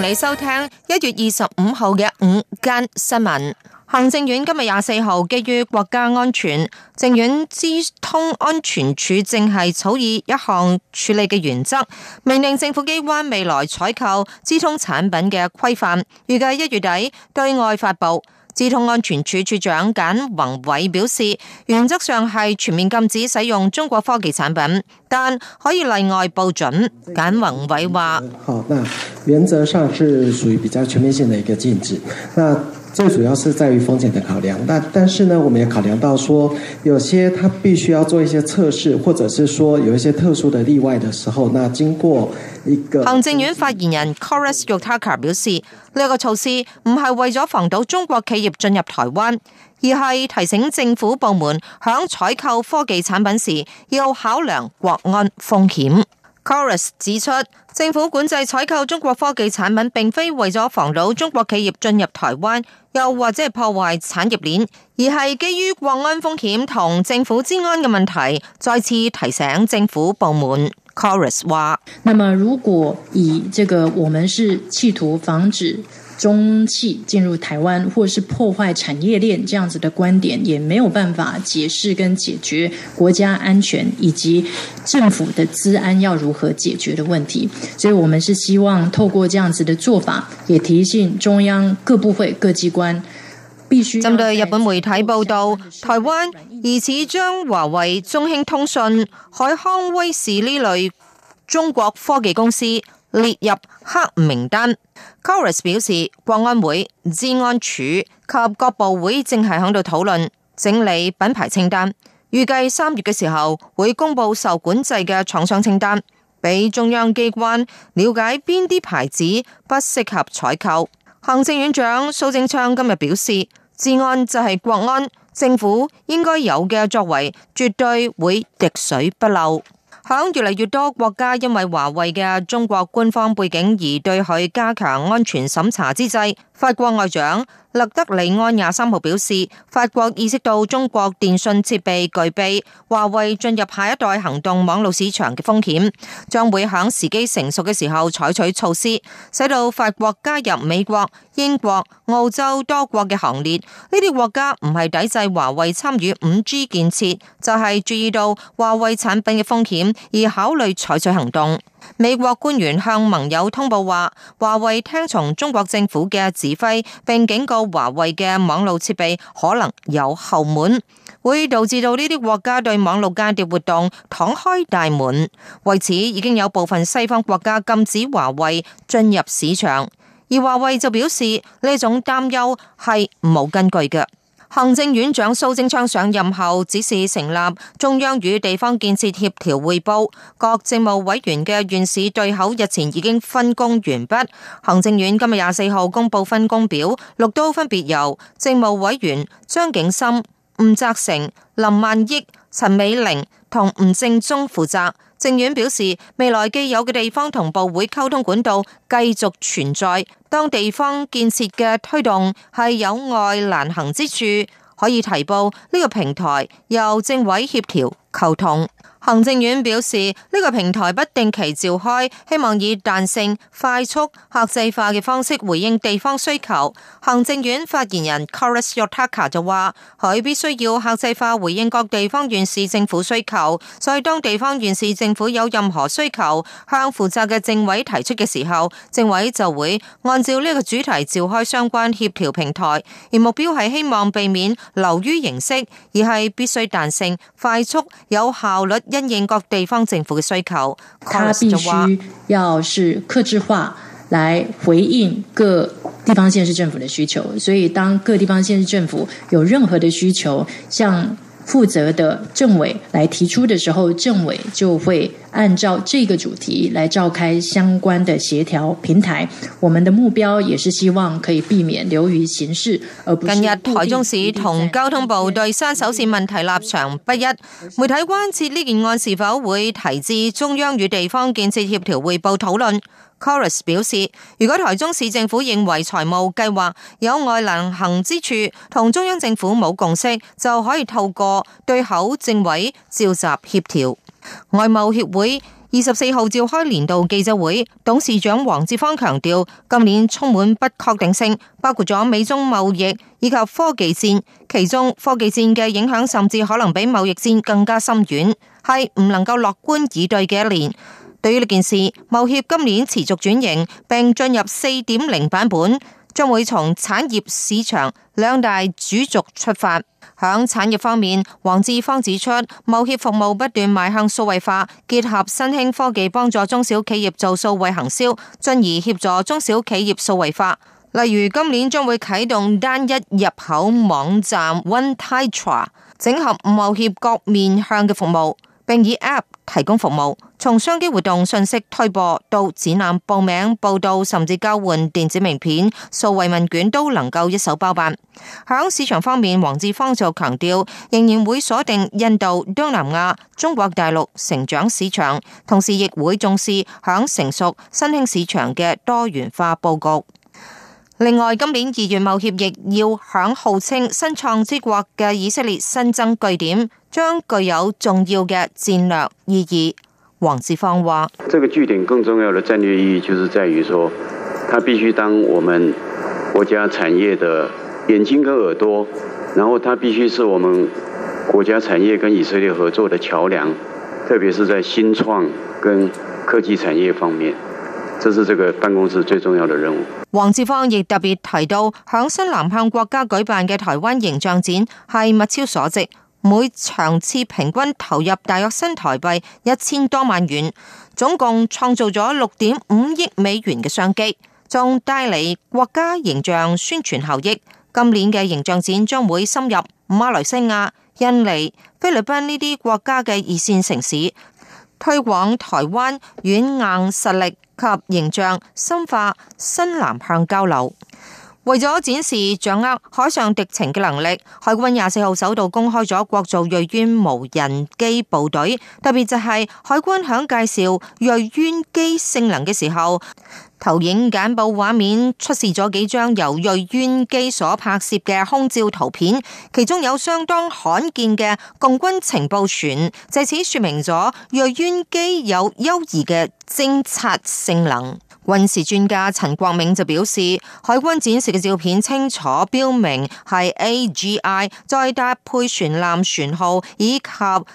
同你收聽一月二十五號嘅午間新聞。行政院今日廿四號，基於國家安全，政院資通安全處正係草擬一項處理嘅原則，命令政府機關未來採購資通產品嘅規範，預計一月底對外發佈。資通安全處處長簡宏偉表示，原則上係全面禁止使用中國科技產品，但可以例外報準。簡宏偉話：，原則上是屬於比較全面性的一個禁止，那最主要是在於風險的考量。但但是呢，我們也考量到說，有些他必須要做一些測試，或者是說有一些特殊的例外的時候，那經過一個行政院發言人 Kolas Yotaka 表示，呢個措施唔係為咗防堵中國企業進入台灣，而係提醒政府部門響採購科技產品時要考量國安風險。k o r u s 指出，政府管制採購中國科技產品，並非為咗防堵中國企業進入台灣，又或者破壞產業鏈，而係基於國安風險同政府治安嘅問題，再次提醒政府部門。k o r u s 話：那麼如果以這個，我們是企圖防止。中企進入台灣，或是破壞產業鏈，這樣子的觀點也沒有辦法解釋跟解決國家安全以及政府的資安要如何解決的問題。所以，我們是希望透過這樣子的做法，也提醒中央各部會、各機關必須針對日本媒體報道，台灣疑似將華為、中興通訊、海康威視呢類中國科技公司。列入黑名單，Corus 表示國安會、資安處及各部會正係響度討論整理品牌清單，預計三月嘅時候會公布受管制嘅廠商清單，俾中央機關了解邊啲牌子不適合採購。行政院長蘇貞昌今日表示，資安就係國安，政府應該有嘅作為絕對會滴水不漏。響越嚟越多國家因為華為嘅中國官方背景而對佢加強安全審查之際。法國外長勒德里安廿三號表示，法國意識到中國電信設備具備華為進入下一代行動網絡市場嘅風險，將會喺時機成熟嘅時候採取措施，使到法國加入美國、英國、澳洲多國嘅行列。呢啲國家唔係抵制華為參與五 G 建設，就係注意到華為產品嘅風險而考慮採取行動。美國官員向盟友通報話，華為聽從中國政府嘅指揮，並警告華為嘅網路設備可能有後門，會導致到呢啲國家對網絡間諜活動敞開大門。為此，已經有部分西方國家禁止華為進入市場，而華為就表示，呢種擔憂係冇根據嘅。行政院長蘇貞昌上任後，指示成立中央與地方建設協調匯報，各政務委員嘅院士對口日前已經分工完畢。行政院今日廿四號公布分工表，六都分別由政務委員張景森、吳澤成、林萬億、陳美玲同吳政忠負責。政院表示，未來既有嘅地方同部會溝通管道繼續存在，當地方建設嘅推動係有礙難行之處，可以提報呢個平台由政委協調溝通。行政院表示，呢個平台不定期召開，希望以彈性、快速、客製化嘅方式回應地方需求。行政院發言人 Kolas Yotaka 就話，佢必須要客製化回應各地方縣市政府需求。所以當地方縣市政府有任何需求向負責嘅政委提出嘅時候，政委就會按照呢個主題召開相關協調平台，而目標係希望避免流於形式，而係必須彈性、快速、有效率跟應各地方政府嘅需求，佢就話，必須要是客製化來回應各地方縣市政府的需求。所以當各地方縣市政府有任何的需求，像。負責的政委來提出的時候，政委就會按照這個主題來召開相關的協調平台。我們的目標也是希望可以避免流於形式，而不是。近日台中市同交通部對山手線問題立場不一，媒體關切呢件案是否會提至中央與地方建設協調會報討論？Corus 表示，如果台中市政府認為財務計劃有外能行之處，同中央政府冇共識，就可以透過對口政委召集協調。外貿協會二十四號召開年度記者會，董事長黃志芳強調，今年充滿不確定性，包括咗美中貿易以及科技戰，其中科技戰嘅影響甚至可能比貿易戰更加深遠，係唔能夠樂觀以對嘅一年。對於呢件事，貿協今年持續轉型，並進入四點零版本，將會從產業市場兩大主軸出發。響產業方面，黃志芳指出，貿協服務不斷邁向數位化，結合新興科技，幫助中小企業做數位行銷，進而協助中小企業數位化。例如，今年將會啟動單一入口網站 One Taitra，整合貿協各面向嘅服務。並以 App 提供服務，從商機活動信息推播到展覽報名、報到，甚至交換電子名片、數位問卷，都能夠一手包辦。響市場方面，黃志芳就強調，仍然會鎖定印度、東南亞、中國大陸成長市場，同時亦會重視響成熟、新興市場嘅多元化布局。另外，今年二月貿協亦要響號稱新創之國嘅以色列新增據點，將具有重要嘅戰略意義。黃志芳話：這個據點更重要的戰略意義，就是在於說，它必須當我們國家產業的眼睛跟耳朵，然後它必須是我們國家產業跟以色列合作的橋樑，特別是在新創跟科技產業方面。這是這個辦公室最重要的任務。黃志芳亦特別提到，響新南向國家舉辦嘅台灣形象展係物超所值，每場次平均投入大約新台幣一千多萬元，總共創造咗六點五億美元嘅商機，仲帶嚟國家形象宣傳效益。今年嘅形象展將會深入馬來西亞、印尼、菲律賓呢啲國家嘅二線城市，推廣台灣軟硬實力。及形象，深化新南向交流。為咗展示掌握海上敵情嘅能力，海軍廿四號首度公開咗國造銳淵無人機部隊。特別就係海軍響介紹銳淵機性能嘅時候。投影簡報畫面出示咗幾張由銳鳶機所拍攝嘅空照圖片，其中有相當罕見嘅共軍情報船，借此說明咗銳鳶機有優異嘅偵察性能。軍事專家陳國銘就表示，海軍展示嘅照片清楚標明係 AGI，再搭配船艦船號以及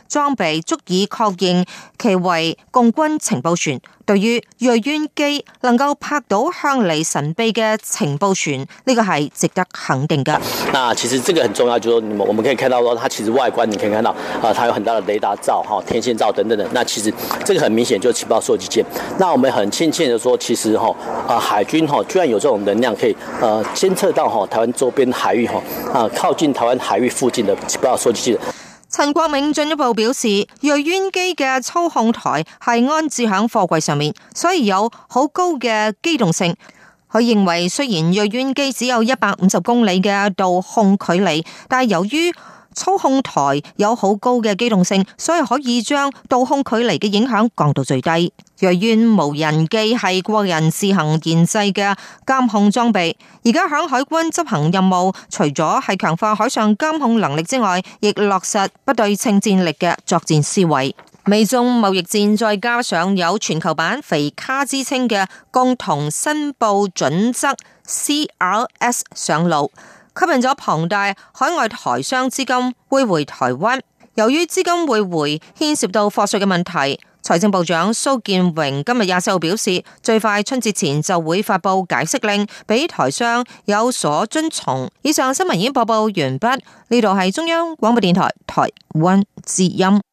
裝備，足以確認其為共軍情報船。對於若鳶機能夠拍到向嚟神秘嘅情報船，呢、這個係值得肯定噶。那其實這個很重要，就我、是、哋我們可以看到，話它其實外觀你可以看到，啊，它有很大的雷達罩、哈天線罩等等等。那其實這個很明顯就是情報收集艦。那我們很慶幸就，說其實哈啊海軍哈居然有這種能量可以，呃監測到哈台灣周邊海域哈啊靠近台灣海域附近的情報收集艦。陳國明進一步表示，瑞淵機嘅操控台係安置喺貨櫃上面，所以有好高嘅機動性。佢認為，雖然瑞淵機只有一百五十公里嘅導控距離，但係由於操控台有好高嘅機動性，所以可以將導控距離嘅影響降到最低。若遠無人機係國人自行研製嘅監控裝備，而家響海軍執行任務，除咗係強化海上監控能力之外，亦落實不對稱戰力嘅作戰思維。美中貿易戰再加上有全球版肥卡之稱嘅共同申報準則 CRS 上路。吸引咗龐大海外台商資金匯回，回台灣，由於資金匯回牽涉到課稅嘅問題，財政部長蘇建榮今日廿四號表示，最快春節前就會發佈解釋令，俾台商有所遵從。以上新聞已經播報完畢，呢度係中央廣播電台台灣之音。